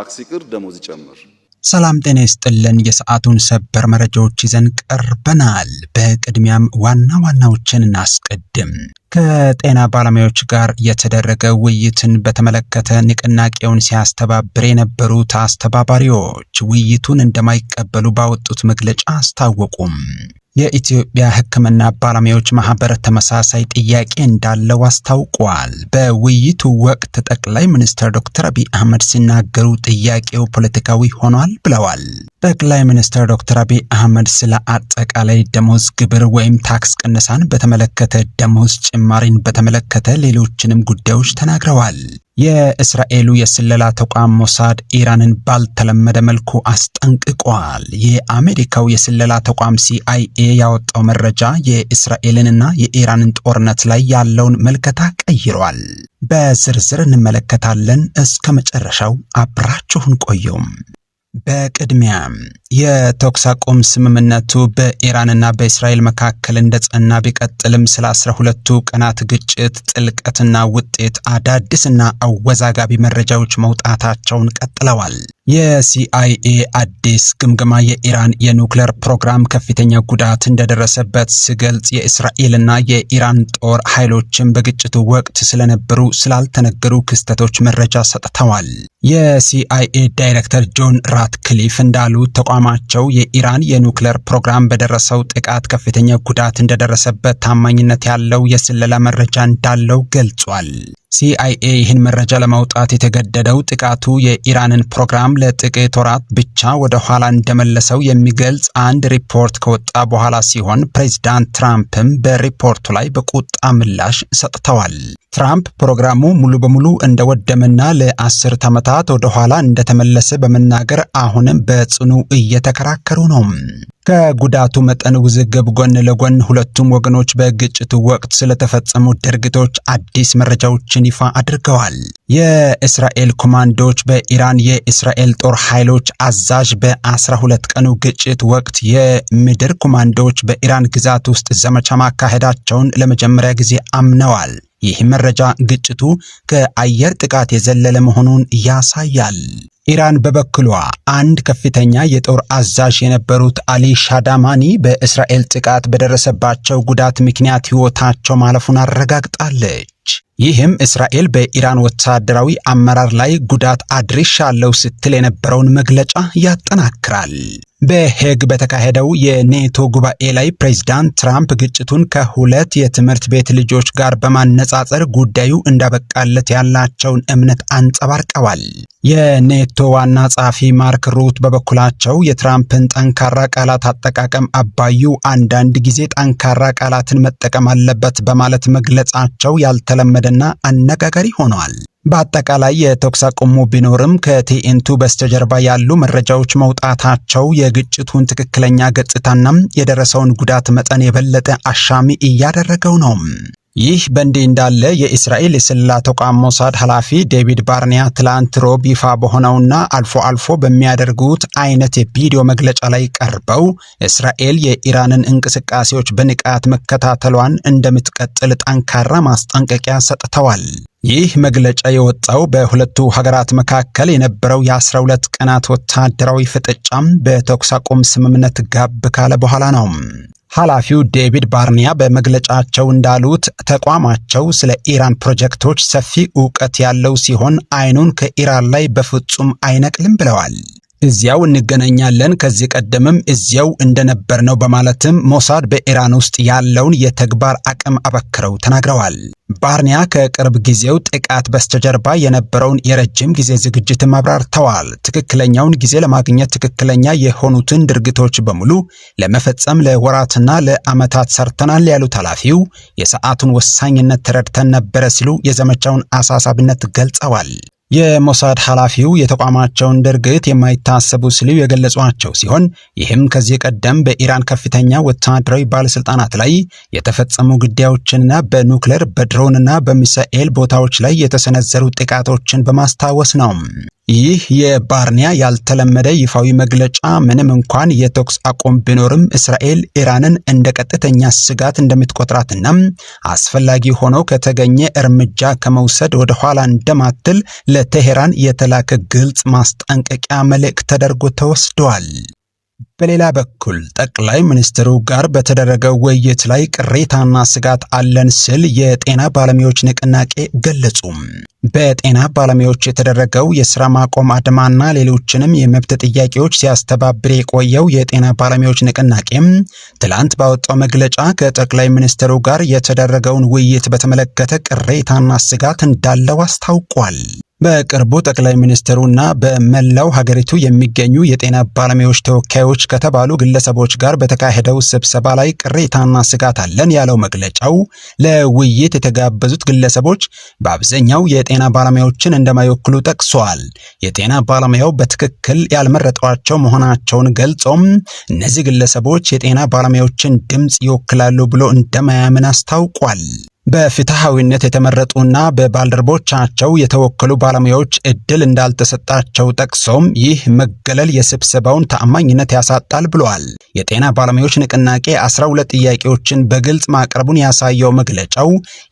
ታክስ ደሞዝ ይጨምር። ሰላም ጤና ይስጥልን። የሰዓቱን ሰበር መረጃዎች ይዘን ቀርበናል። በቅድሚያም ዋና ዋናዎችን እናስቀድም። ከጤና ባለሙያዎች ጋር የተደረገ ውይይትን በተመለከተ ንቅናቄውን ሲያስተባብር የነበሩት አስተባባሪዎች ውይይቱን እንደማይቀበሉ ባወጡት መግለጫ አስታወቁም። የኢትዮጵያ ሕክምና ባለሙያዎች ማህበር ተመሳሳይ ጥያቄ እንዳለው አስታውቋል። በውይይቱ ወቅት ጠቅላይ ሚኒስትር ዶክተር አብይ አህመድ ሲናገሩ ጥያቄው ፖለቲካዊ ሆኗል ብለዋል። ጠቅላይ ሚኒስትር ዶክተር አብይ አህመድ ስለ አጠቃላይ ደሞዝ ግብር ወይም ታክስ ቅነሳን በተመለከተ፣ ደሞዝ ጭማሪን በተመለከተ ሌሎችንም ጉዳዮች ተናግረዋል። የእስራኤሉ የስለላ ተቋም ሞሳድ ኢራንን ባልተለመደ መልኩ አስጠንቅቋል። የአሜሪካው የስለላ ተቋም ሲአይኤ ያወጣው መረጃ የእስራኤልንና የኢራንን ጦርነት ላይ ያለውን መልከታ ቀይሯል። በዝርዝር እንመለከታለን። እስከ መጨረሻው አብራችሁን ቆዩም። በቅድሚያ የተኩስ አቁም ስምምነቱ በኢራንና በእስራኤል መካከል እንደጸና ቢቀጥልም ስለ አስራ ሁለቱ ቀናት ግጭት ጥልቀትና ውጤት አዳዲስና አወዛጋቢ መረጃዎች መውጣታቸውን ቀጥለዋል። የሲአይኤ አዲስ ግምገማ የኢራን የኑክሌር ፕሮግራም ከፍተኛ ጉዳት እንደደረሰበት ሲገልጽ የእስራኤልና የኢራን ጦር ኃይሎችን በግጭቱ ወቅት ስለነበሩ ስላልተነገሩ ክስተቶች መረጃ ሰጥተዋል። የሲአይኤ ዳይሬክተር ጆን ራትክሊፍ እንዳሉት ተቋማቸው የኢራን የኑክሌር ፕሮግራም በደረሰው ጥቃት ከፍተኛ ጉዳት እንደደረሰበት ታማኝነት ያለው የስለላ መረጃ እንዳለው ገልጿል። ሲአይኤ ይህን መረጃ ለማውጣት የተገደደው ጥቃቱ የኢራንን ፕሮግራም ለጥቂት ወራት ብቻ ወደ ኋላ እንደመለሰው የሚገልጽ አንድ ሪፖርት ከወጣ በኋላ ሲሆን ፕሬዚዳንት ትራምፕም በሪፖርቱ ላይ በቁጣ ምላሽ ሰጥተዋል። ትራምፕ ፕሮግራሙ ሙሉ በሙሉ እንደወደመና ለአስርት ዓመታት ወደ ኋላ እንደተመለሰ በመናገር አሁንም በጽኑ እየተከራከሩ ነው። ከጉዳቱ መጠን ውዝግብ ጎን ለጎን ሁለቱም ወገኖች በግጭቱ ወቅት ስለተፈጸሙ ድርጊቶች አዲስ መረጃዎችን ይፋ አድርገዋል። የእስራኤል ኮማንዶዎች በኢራን የእስራኤል ጦር ኃይሎች አዛዥ በ12 ቀኑ ግጭት ወቅት የምድር ኮማንዶዎች በኢራን ግዛት ውስጥ ዘመቻ ማካሄዳቸውን ለመጀመሪያ ጊዜ አምነዋል። ይህ መረጃ ግጭቱ ከአየር ጥቃት የዘለለ መሆኑን ያሳያል። ኢራን በበኩሏ አንድ ከፍተኛ የጦር አዛዥ የነበሩት አሊ ሻዳማኒ በእስራኤል ጥቃት በደረሰባቸው ጉዳት ምክንያት ሕይወታቸው ማለፉን አረጋግጣለች። ይህም እስራኤል በኢራን ወታደራዊ አመራር ላይ ጉዳት አድርሻለሁ ስትል የነበረውን መግለጫ ያጠናክራል። በሄግ በተካሄደው የኔቶ ጉባኤ ላይ ፕሬዝዳንት ትራምፕ ግጭቱን ከሁለት የትምህርት ቤት ልጆች ጋር በማነጻጸር ጉዳዩ እንዳበቃለት ያላቸውን እምነት አንጸባርቀዋል። የኔቶ ዋና ጸሐፊ ማርክ ሩት በበኩላቸው የትራምፕን ጠንካራ ቃላት አጠቃቀም አባዩ አንዳንድ ጊዜ ጠንካራ ቃላትን መጠቀም አለበት በማለት መግለጻቸው ያልተለመደና አነጋጋሪ ሆነዋል። በአጠቃላይ የተኩስ አቁሙ ቢኖርም ከቲኤንቱ በስተጀርባ ያሉ መረጃዎች መውጣታቸው የግጭቱን ትክክለኛ ገጽታና የደረሰውን ጉዳት መጠን የበለጠ አሻሚ እያደረገው ነው። ይህ በእንዲህ እንዳለ የእስራኤል የስለላ ተቋም ሞሳድ ኃላፊ ዴቪድ ባርኒያ ትላንት ሮብ ይፋ በሆነውና አልፎ አልፎ በሚያደርጉት አይነት የቪዲዮ መግለጫ ላይ ቀርበው እስራኤል የኢራንን እንቅስቃሴዎች በንቃት መከታተሏን እንደምትቀጥል ጠንካራ ማስጠንቀቂያ ሰጥተዋል። ይህ መግለጫ የወጣው በሁለቱ ሀገራት መካከል የነበረው የ12 ቀናት ወታደራዊ ፍጥጫም በተኩስ አቁም ስምምነት ጋብ ካለ በኋላ ነው። ኃላፊው ዴቪድ ባርኒያ በመግለጫቸው እንዳሉት ተቋማቸው ስለ ኢራን ፕሮጀክቶች ሰፊ ዕውቀት ያለው ሲሆን አይኑን ከኢራን ላይ በፍጹም አይነቅልም ብለዋል። እዚያው እንገናኛለን፣ ከዚህ ቀደምም እዚያው እንደነበር ነው በማለትም ሞሳድ በኢራን ውስጥ ያለውን የተግባር አቅም አበክረው ተናግረዋል። ባርኒያ ከቅርብ ጊዜው ጥቃት በስተጀርባ የነበረውን የረጅም ጊዜ ዝግጅትም አብራርተዋል። ትክክለኛውን ጊዜ ለማግኘት ትክክለኛ የሆኑትን ድርጊቶች በሙሉ ለመፈጸም ለወራትና ለዓመታት ሰርተናል ያሉት ኃላፊው የሰዓቱን ወሳኝነት ተረድተን ነበረ ሲሉ የዘመቻውን አሳሳቢነት ገልጸዋል። የሞሳድ ኃላፊው የተቋማቸውን ድርግት የማይታሰቡ ሲሉ የገለጿቸው ሲሆን ይህም ከዚህ ቀደም በኢራን ከፍተኛ ወታደራዊ ባለስልጣናት ላይ የተፈጸሙ ግድያዎችንና በኑክሌር በድሮንና በሚሳኤል ቦታዎች ላይ የተሰነዘሩ ጥቃቶችን በማስታወስ ነው። ይህ የባርኒያ ያልተለመደ ይፋዊ መግለጫ ምንም እንኳን የተኩስ አቁም ቢኖርም እስራኤል ኢራንን እንደ ቀጥተኛ ስጋት እንደምትቆጥራትና አስፈላጊ ሆኖ ከተገኘ እርምጃ ከመውሰድ ወደ ኋላ እንደማትል ለቴሄራን የተላከ ግልጽ ማስጠንቀቂያ መልእክት ተደርጎ ተወስደዋል። በሌላ በኩል ጠቅላይ ሚኒስትሩ ጋር በተደረገው ውይይት ላይ ቅሬታና ስጋት አለን ሲል የጤና ባለሙያዎች ንቅናቄ ገለጹም። በጤና ባለሙያዎች የተደረገው የስራ ማቆም አድማና ሌሎችንም የመብት ጥያቄዎች ሲያስተባብር የቆየው የጤና ባለሙያዎች ንቅናቄም ትላንት ባወጣው መግለጫ ከጠቅላይ ሚኒስትሩ ጋር የተደረገውን ውይይት በተመለከተ ቅሬታና ስጋት እንዳለው አስታውቋል። በቅርቡ ጠቅላይ ሚኒስትሩ እና በመላው ሀገሪቱ የሚገኙ የጤና ባለሙያዎች ተወካዮች ከተባሉ ግለሰቦች ጋር በተካሄደው ስብሰባ ላይ ቅሬታና ስጋት አለን ያለው መግለጫው ለውይይት የተጋበዙት ግለሰቦች በአብዛኛው የጤና ባለሙያዎችን እንደማይወክሉ ጠቅሷል። የጤና ባለሙያው በትክክል ያልመረጧቸው መሆናቸውን ገልጾም እነዚህ ግለሰቦች የጤና ባለሙያዎችን ድምፅ ይወክላሉ ብሎ እንደማያምን አስታውቋል። በፍትሐዊነት የተመረጡና በባልደረቦቻቸው የተወከሉ ባለሙያዎች እድል እንዳልተሰጣቸው ጠቅሰውም ይህ መገለል የስብሰባውን ተአማኝነት ያሳጣል ብለዋል። የጤና ባለሙያዎች ንቅናቄ 12 ጥያቄዎችን በግልጽ ማቅረቡን ያሳየው መግለጫው፣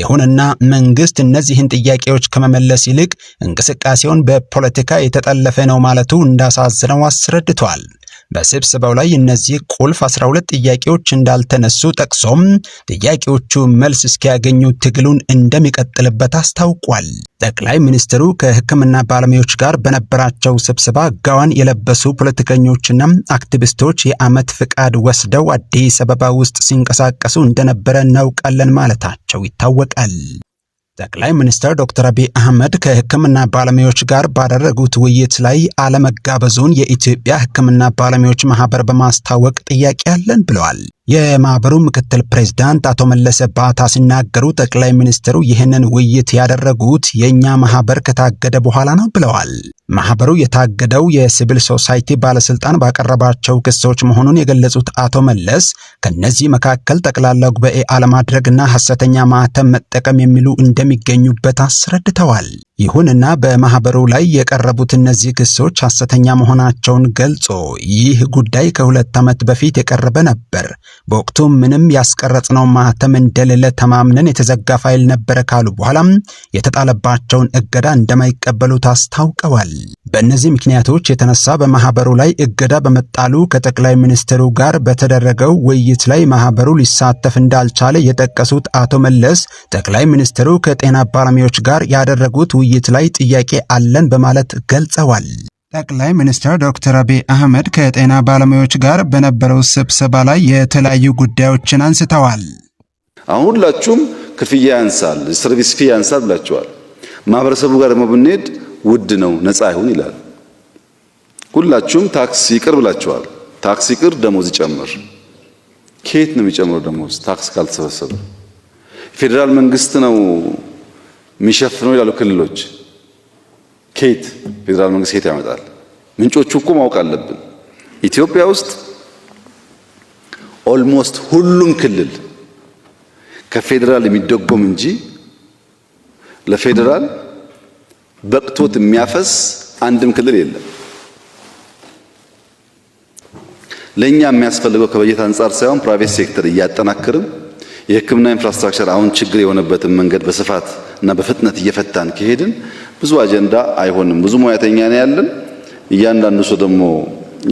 ይሁንና መንግስት እነዚህን ጥያቄዎች ከመመለስ ይልቅ እንቅስቃሴውን በፖለቲካ የተጠለፈ ነው ማለቱ እንዳሳዝነው አስረድቷል። በስብሰባው ላይ እነዚህ ቁልፍ 12 ጥያቄዎች እንዳልተነሱ ጠቅሶም ጥያቄዎቹ መልስ እስኪያገኙ ትግሉን እንደሚቀጥልበት አስታውቋል። ጠቅላይ ሚኒስትሩ ከሕክምና ባለሙያዎች ጋር በነበራቸው ስብሰባ ጋዋን የለበሱ ፖለቲከኞችና አክቲቪስቶች የዓመት ፍቃድ ወስደው አዲስ አበባ ውስጥ ሲንቀሳቀሱ እንደነበረ እናውቃለን ማለታቸው ይታወቃል። ጠቅላይ ሚኒስትር ዶክተር አብይ አህመድ ከሕክምና ባለሙያዎች ጋር ባደረጉት ውይይት ላይ አለመጋበዙን የኢትዮጵያ ሕክምና ባለሙያዎች ማህበር በማስታወቅ ጥያቄ አለን ብለዋል። የማህበሩ ምክትል ፕሬዝዳንት አቶ መለሰ ባታ ሲናገሩ ጠቅላይ ሚኒስትሩ ይህንን ውይይት ያደረጉት የእኛ ማህበር ከታገደ በኋላ ነው ብለዋል። ማህበሩ የታገደው የሲቪል ሶሳይቲ ባለስልጣን ባቀረባቸው ክሶች መሆኑን የገለጹት አቶ መለስ ከነዚህ መካከል ጠቅላላ ጉባኤ አለማድረግና ሐሰተኛ ማህተም መጠቀም የሚሉ እንደሚገኙበት አስረድተዋል። ይሁንና በማኅበሩ ላይ የቀረቡት እነዚህ ክሶች ሐሰተኛ መሆናቸውን ገልጾ ይህ ጉዳይ ከሁለት ዓመት በፊት የቀረበ ነበር፣ በወቅቱ ምንም ያስቀረጽነው ማኅተም እንደሌለ ተማምነን የተዘጋ ፋይል ነበረ ካሉ በኋላም የተጣለባቸውን እገዳ እንደማይቀበሉት አስታውቀዋል። በእነዚህ ምክንያቶች የተነሳ በማኅበሩ ላይ እገዳ በመጣሉ ከጠቅላይ ሚኒስትሩ ጋር በተደረገው ውይይት ላይ ማኅበሩ ሊሳተፍ እንዳልቻለ የጠቀሱት አቶ መለስ ጠቅላይ ሚኒስትሩ ከጤና ባለሙያዎች ጋር ያደረጉት ውይይት ላይ ጥያቄ አለን በማለት ገልጸዋል። ጠቅላይ ሚኒስትር ዶክተር አብይ አህመድ ከጤና ባለሙያዎች ጋር በነበረው ስብሰባ ላይ የተለያዩ ጉዳዮችን አንስተዋል። አሁን ሁላችሁም ክፍያ ያንሳል፣ ሰርቪስ ፊ ያንሳል ብላችኋል። ማህበረሰቡ ጋር ደግሞ ብንሄድ ውድ ነው ነፃ አይሁን ይላል። ሁላችሁም ታክስ ይቅር ብላችኋል። ታክስ ይቅር፣ ደሞዝ ይጨምር። ከየት ነው የሚጨምረው ደሞዝ ታክስ ካልተሰበሰበ? ፌዴራል መንግስት ነው የሚሸፍነው ይላሉ ክልሎች። ኬት ፌዴራል መንግስት ኬት ያመጣል? ምንጮቹ እኮ ማወቅ አለብን። ኢትዮጵያ ውስጥ ኦልሞስት ሁሉም ክልል ከፌዴራል የሚደጎም እንጂ ለፌዴራል በቅቶት የሚያፈስ አንድም ክልል የለም። ለእኛ የሚያስፈልገው ከበጀት አንጻር ሳይሆን ፕራይቬት ሴክተር እያጠናክርም የህክምና ኢንፍራስትራክቸር አሁን ችግር የሆነበትን መንገድ በስፋት እና በፍጥነት እየፈታን ከሄድን ብዙ አጀንዳ አይሆንም። ብዙ ሙያተኛ ነው ያለን። እያንዳንዱ ሰው ደግሞ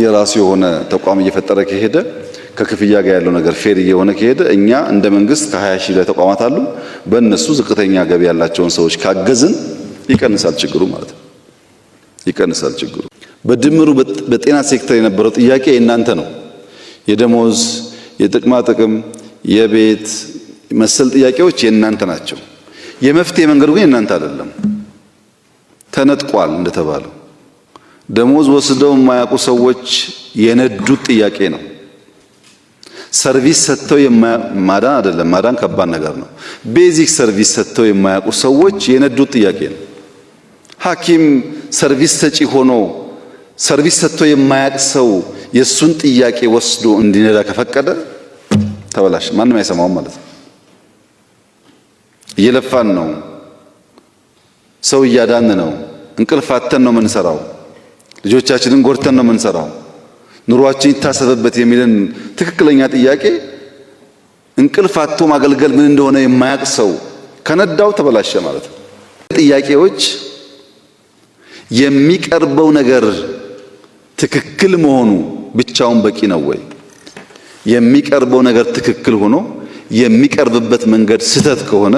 የራሱ የሆነ ተቋም እየፈጠረ ከሄደ ከክፍያ ጋር ያለው ነገር ፌር እየሆነ ከሄደ እኛ እንደ መንግስት ከ20 ሺህ ላይ ተቋማት አሉ። በእነሱ ዝቅተኛ ገቢ ያላቸውን ሰዎች ካገዝን ይቀንሳል ችግሩ ማለት ነው። ይቀንሳል ችግሩ። በድምሩ በጤና ሴክተር የነበረው ጥያቄ የእናንተ ነው። የደሞዝ የጥቅማ ጥቅም የቤት መሰል ጥያቄዎች የእናንተ ናቸው። የመፍትሄ መንገዱ ግን የእናንተ አይደለም፣ ተነጥቋል። እንደተባለው ደሞዝ ወስደው የማያውቁ ሰዎች የነዱት ጥያቄ ነው። ሰርቪስ ሰጥተው ማዳን አይደለም፣ ማዳን ከባድ ነገር ነው። ቤዚክ ሰርቪስ ሰጥተው የማያውቁ ሰዎች የነዱት ጥያቄ ነው። ሐኪም ሰርቪስ ሰጪ ሆኖ ሰርቪስ ሰጥቶ የማያውቅ ሰው የሱን ጥያቄ ወስዶ እንዲነዳ ከፈቀደ ተበላሽ፣ ማንም አይሰማውም ማለት ነው። እየለፋን ነው፣ ሰው እያዳን ነው፣ እንቅልፍ አተን ነው የምንሰራው፣ ልጆቻችንን ጎድተን ነው የምንሰራው፣ ኑሯችን ይታሰብበት የሚልን ትክክለኛ ጥያቄ እንቅልፍ አቶ ማገልገል ምን እንደሆነ የማያቅ ሰው ከነዳው ተበላሸ ማለት ነው። ጥያቄዎች የሚቀርበው ነገር ትክክል መሆኑ ብቻውን በቂ ነው ወይ? የሚቀርበው ነገር ትክክል ሆኖ የሚቀርብበት መንገድ ስህተት ከሆነ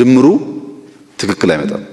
ድምሩ ትክክል አይመጣም።